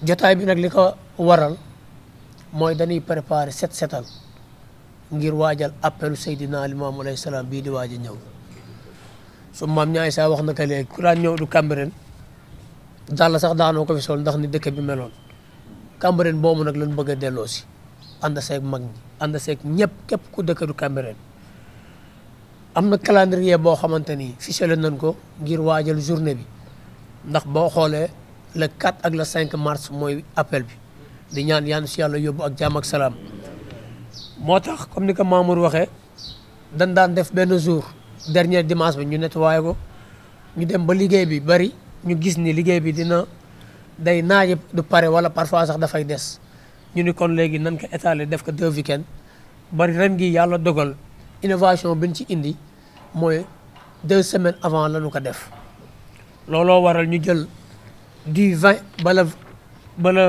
jotaay bi nag li ko waral mooy dañuy préparer set setal ngir waajal appelu Seydina Limaamu alayhi salaam bii di waaj a ñëw su maam ñaay saa wax na ko léegi ku daan ñëw du Cambérène dàll sax daanoo ko fi sol ndax ni dëkk bi meloon Cambérène boobu nag lañ bëgg a delloosi si seek seeg mag ñi ànd seeg ñëpp képp ku dëkk du Cambérène am na calendrier boo xamante ni ficelé nañ ko ngir waajal journée bi ndax boo xoolee le 4 ak le cinq mars mooy appel bi di ñaan yaan si yàlla yóbbu ak jaam ak salaam moo tax comme ni ko Mamour waxee dañ daan def benn jour dernier dimanche bi ñu nettoyé ko ñu dem ba liggéey bi bari ñu gis ni liggéey bi dina day naaje du pare wala parfois sax dafay des ñu ni kon léegi nan ko étaler def ko deux week-end bari ren gi yàlla dogal innovation bi ci indi mooy deux semaines avant la ñu ko def looloo waral ñu jël du 20 bala le ba le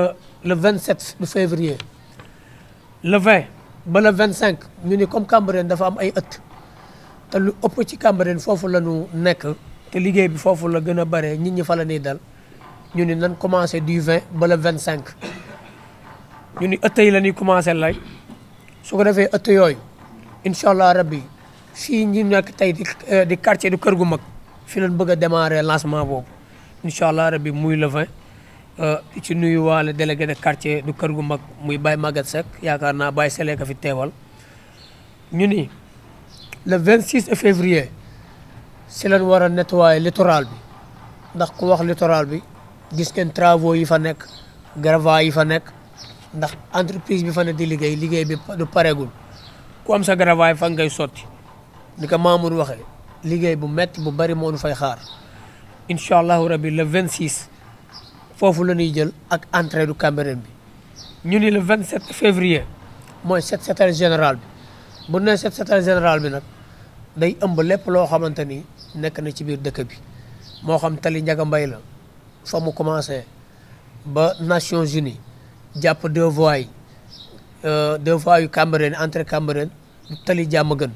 le 27 du février le 20 bala vint 25 ñu ni comme Cambérène dafa am ay ëtt te lu ëpp ci Cambérène foofu la ñu nekk te liggéey bi foofu la gën a bare nit ñi fa la ñuy dal ñu ni nan commencé du 20 ba le 25 ñu ni ëtt yi la ñuy commencé lay su ko defee ëtt yooyu incha allah rabbi fii ñu nekk tey di di quartier kër gu mag fi lañ bëgg a démarrer lancement boobu. incha allah rabi muy la fa euh, ci nuyu waale délégué de quartier du kër gu mag muy Baye Maguette Seck yaakaar naa Baye Sele ka fi teewal ñu ni le 26 février si lañ war a nettoyer littoral bi ndax ko wax littoral bi gis ngeen travaux yi fa nekk gravats yi fa nekk ndax entreprise bi fa di liggéey liggéey bi du pareegul ku am sa gravats yi fan ngay sotti ni ko Mamour waxee liggéey bu metti bu bari moo fay xaar incha allahu rabi le 26 foofu la ñuy jël ak entrée du Cambérène bi ñu ni le 27 février mooy set setal général bi bu nee set setal général bi nag day ëmb lépp loo xamante ni nekk na ci biir dëkk bi moo xam tali Ndiaga Mbaye la fa mu commencé ba Nations Unies jàpp deux voies yi euh, deux voies yu Cambérène entrée Cambérène tali jàmm gën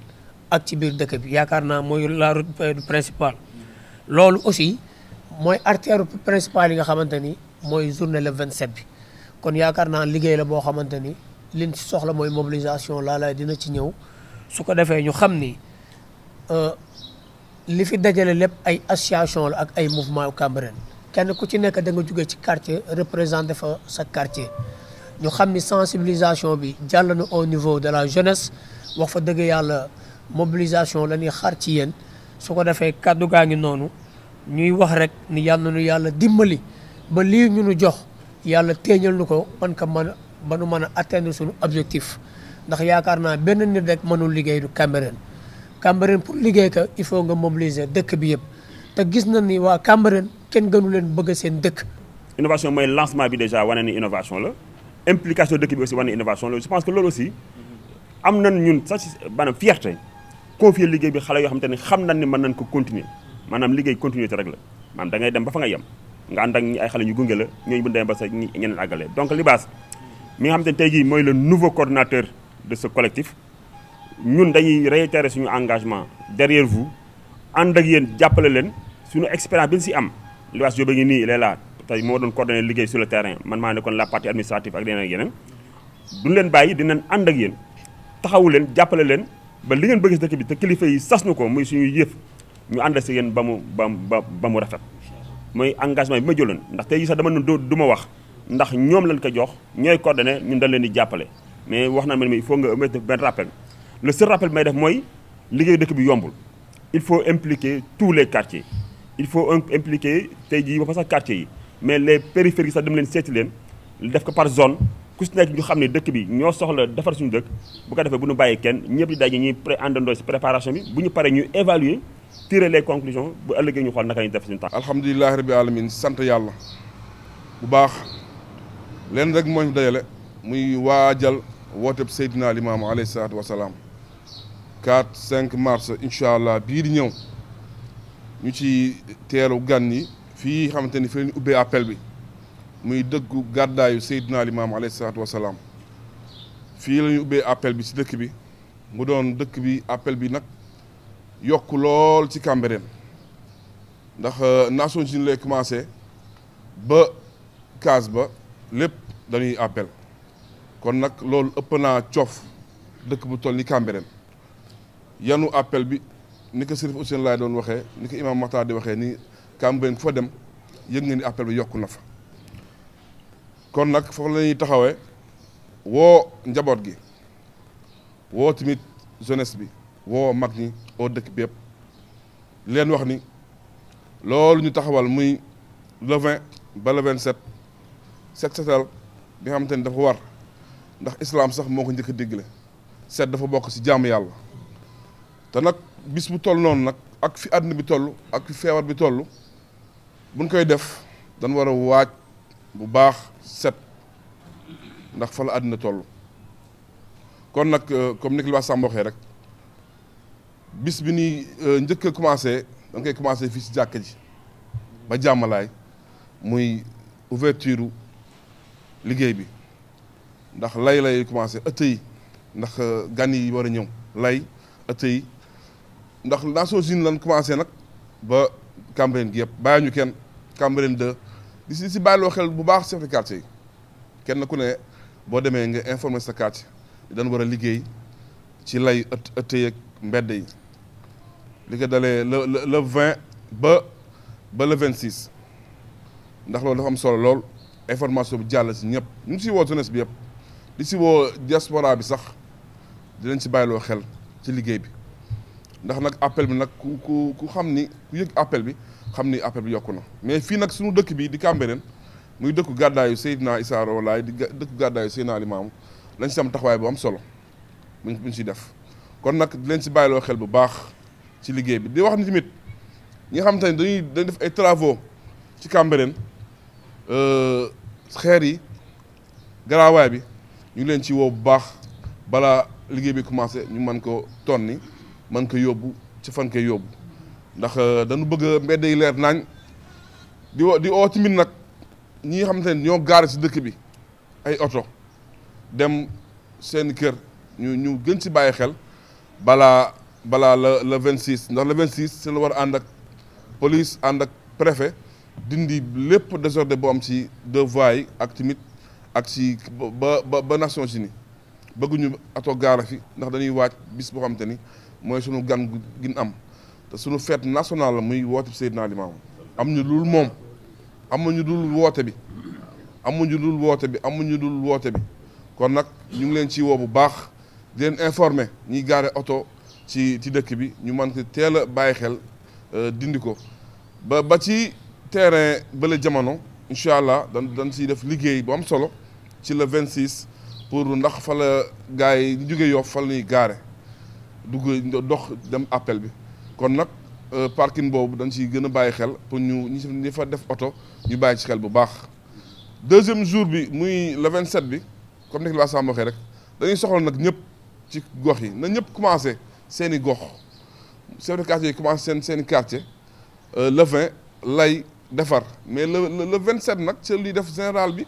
ak ci biir dëkk bi yaakaar naa mooy la route euh, principale loolu aussi mooy artère principale yi nga xamante ni mooy journée le 27 bi kon yaakaar naa liggéey la boo xamante ni liñ ci soxla mooy mobilisation laalaay dina ci ñëw su ko defee ñu xam ni euh, li fi dajale lépp ay association la ak ay mouvement Cambérène kenn ku ci nekk da nga jógee ci quartier représenté fa sa quartier ñu xam ni sensibilisation bi jàll na au niveau de la jeunesse wax fa dëgg yàlla mobilisation la ñuy xaar ci yéen su ko defee kàddu gaa ngi noonu ñuy wax rek ni yàlla nu yàlla dimbali ba lii ñu nu jox yàlla téeñal lu ko man ka man a ba nu mën a atteindre suñu objectif ndax yaakaar naa benn nit rek mënul liggéey du Cambérène Cambérène pour liggéey ka il faut nga mobiliser dëkk bi yëpp te gis na ni waa Cambérène kenn gënu leen bëgg seen dëkk. innovation mooy lancement bi déjà wane ni innovation la implication dëkk bi aussi wane innovation la je que loolu aussi am nañ ñun sax maanaam fierté. confier liggéey bi xale yoo xam ni xam nañ ne mën nañ ko continuer maanaam liggéey continuer te rek la maanaam da dem ba fa nga yem nga ànd ak ay xale ñu gunge la ñooñu bu demee ba sa ñeneen àggale donc Libaas mi nga xam ne tey jii mooy le nouveau coordinateur de ce collectif ñun dañuy réitérer suñu engagement derrière vous ànd ak yéen jàppale leen suñu expérience bi si am Libaas Diop ngi nii il est tey moo doon coordonné liggéey sur le terrain man maa nekkoon la partie administrative ak yeneen ak yeneen duñ leen bàyyi dinañ ànd ak yéen taxawu leen jàppale leen ba li ngeen bëgg si dëkk bi te kilifa yi sas na ko muy suñuy yëf ñu ànd si yéen ba mu ba ba mu rafet mooy engagement bi ma jëloon ndax tey jii sax dama ne du ma wax ndax ñoom lañ ko jox ñooy coordonné ñun dañ leen di jàppale mais wax na ma ne il faut nga mettre benn rappel le seul rappel def mooy liggéey dëkk bi yombul il faut impliquer tous les quartiers il faut impliquer tey jii ba fa sax quartiers yi mais les périphéries sax dem leen seeti leen def ko par zone ku si nekk ñu xam ne dëkk bi ñoo soxla defar suñu dëkk bu ko defee bu ñu bàyyi kenn ñëpp di daje ñuy pré àndandoo si préparation bi bu ñu paree ñu évaluer tirer les conclusions bu ëllëgee ñu xool naka ñu def suñu temps. alhamdulilah rabbi alamin sant yàlla bu baax leen rek moo ñu dajale muy waajal wooteb Seydina Limaamu alayhi salaatu wa salaam 4 cinq mars incha allah bii di ñëw ñu ci teeru gan yi fii xamante ni fi leen ubbee appel bi. muy dëggu gàddaayu Seydina Limaam alayhi salaatu salaam fii la ñu ubbee appel bi ci dëkk bi mu doon dëkk bi appel bi nag yokk lool ci Cambérène ndax euh, Nations Unies lay commencé ba kaas ba lépp dañuy appel kon nag loolu ëpp naa coof dëkk bu toll ni Cambérène yanu appel bi ni ko Sërif Ousseynou laay doon waxee ni ko Imaam Makhtar di waxee ni Cambérène foo dem yëg nga ni appel bi yokku na fa. kon nag foofu la ñuy taxawee woo njaboot gi woo tamit jeunesse bi woo mag ñi oo dëkk bi yëpp leen wax ni loolu ñu taxawal muy le 20 ba le 27 set setal bi nga xamante ni dafa war ndax islaam sax moo ko njëkk a digle set dafa bokk ci jaamu yàlla te nag bis bu toll noonu nag ak fi àdduna bi toll ak fi feebar bi toll buñ koy def dañ war a waaj bu baax set ndax fa la àddina toll kon nag euh, comme ni li wax Samba waxee rek bis bi ni euh, njëkk a commencé da nga commencé fii si jàkk ji ba jàmmalaay muy ouverture liggéey bi ndax lay lay commencé a yi ndax euh, gan yi war a ñëw lay ëtt yi ndax Nations Unies lan commencé nag ba Cambérène gi yëpp bàyyi ñu kenn Cambérène 2 di si si bàyyiloo xel bu baax chef quartier yi kenn ku ne boo demee nga informer sa quartier dañ war a liggéey ci lay ëtt ëtt yeeg mbedd yi li ko dalee le le vingt ba ba le vingt six ndax loolu dafa am solo lool information bi jàll si ñëpp ñu ngi si woo jeunesse bi yëpp di si woo diaspora bi sax dinañ si bàyyiloo xel ci liggéey bi. ndax nag appel bi nag ku ku ku xam ni ku yëg appel bi xam ni appel bi yokku na mais fii nag suñu dëkk bi di Cambérène muy dëkku gàddaayu Seydina Issa Rohou Laye di dëkku gàddaayu Seydina Limaamu lañ si am taxawaay bu am solo mu ñu si def kon nag di leen si bàyyiloo xel bu baax ci liggéey bi di wax ni tamit ñi nga xam te ne dañuy dañ def ay travaux ci Cambérène euh, xeer yi garaawaay bi ñu leen ci wow bu baax balaa liggéey bi commencé ñu mën ko tonni man ko yóbbu ci fan koy yóbbu ndax euh, dañu bëgg mbedd yi leer naañ di woo di oo timit nag ñi nga xamante ne ñoo gaare si dëkk bi ay oto dem seen kër ñu ñu gën si bàyyi xel balaa balaa la le vingt six ndax le vingt six seen la war a ànd ak police ànd ak préfet dindi lépp désordre bu am si deux voies yi ak timit ak si ba ba Nations Unies bëgguñu oto gaara fi ndax dañuy waaj bis boo xamante ni mooy suñu gan gin am te sunu feet national la muy woote Seydina Limaamu am ñu dul moom amuñu dul woote bi amuñu dul woote bi ñu dul woote bi kon nag ñu ngi leen ci woo bu baax di leen informer ñiy gaare oto ci ci dëkk bi ñu mën ko teel a bàyyi xel euh, dindi ko ba ba ci terrain bële jamono incha allah dan dañ siy def liggéey bu am solo ci le 26 pour ndax fa la gars ñu jóge Yoff fa la ñuy gaare dugg dox dem appel bi kon nag euh, parking boobu dañ ciy gën a bàyyi xel pour ñu ñi fa def oto ñu bàyyi ci xel bu baax deuxième jour bi muy le 27 bi comme ni ko la Samba rek dañuy soxla nag ñëpp ci gox yi na ñëpp commencé seen i gox chef quartier yi commencé seen seen i quartier euh, le 20 lay defar mais le le 27 nag seen luy def général bi.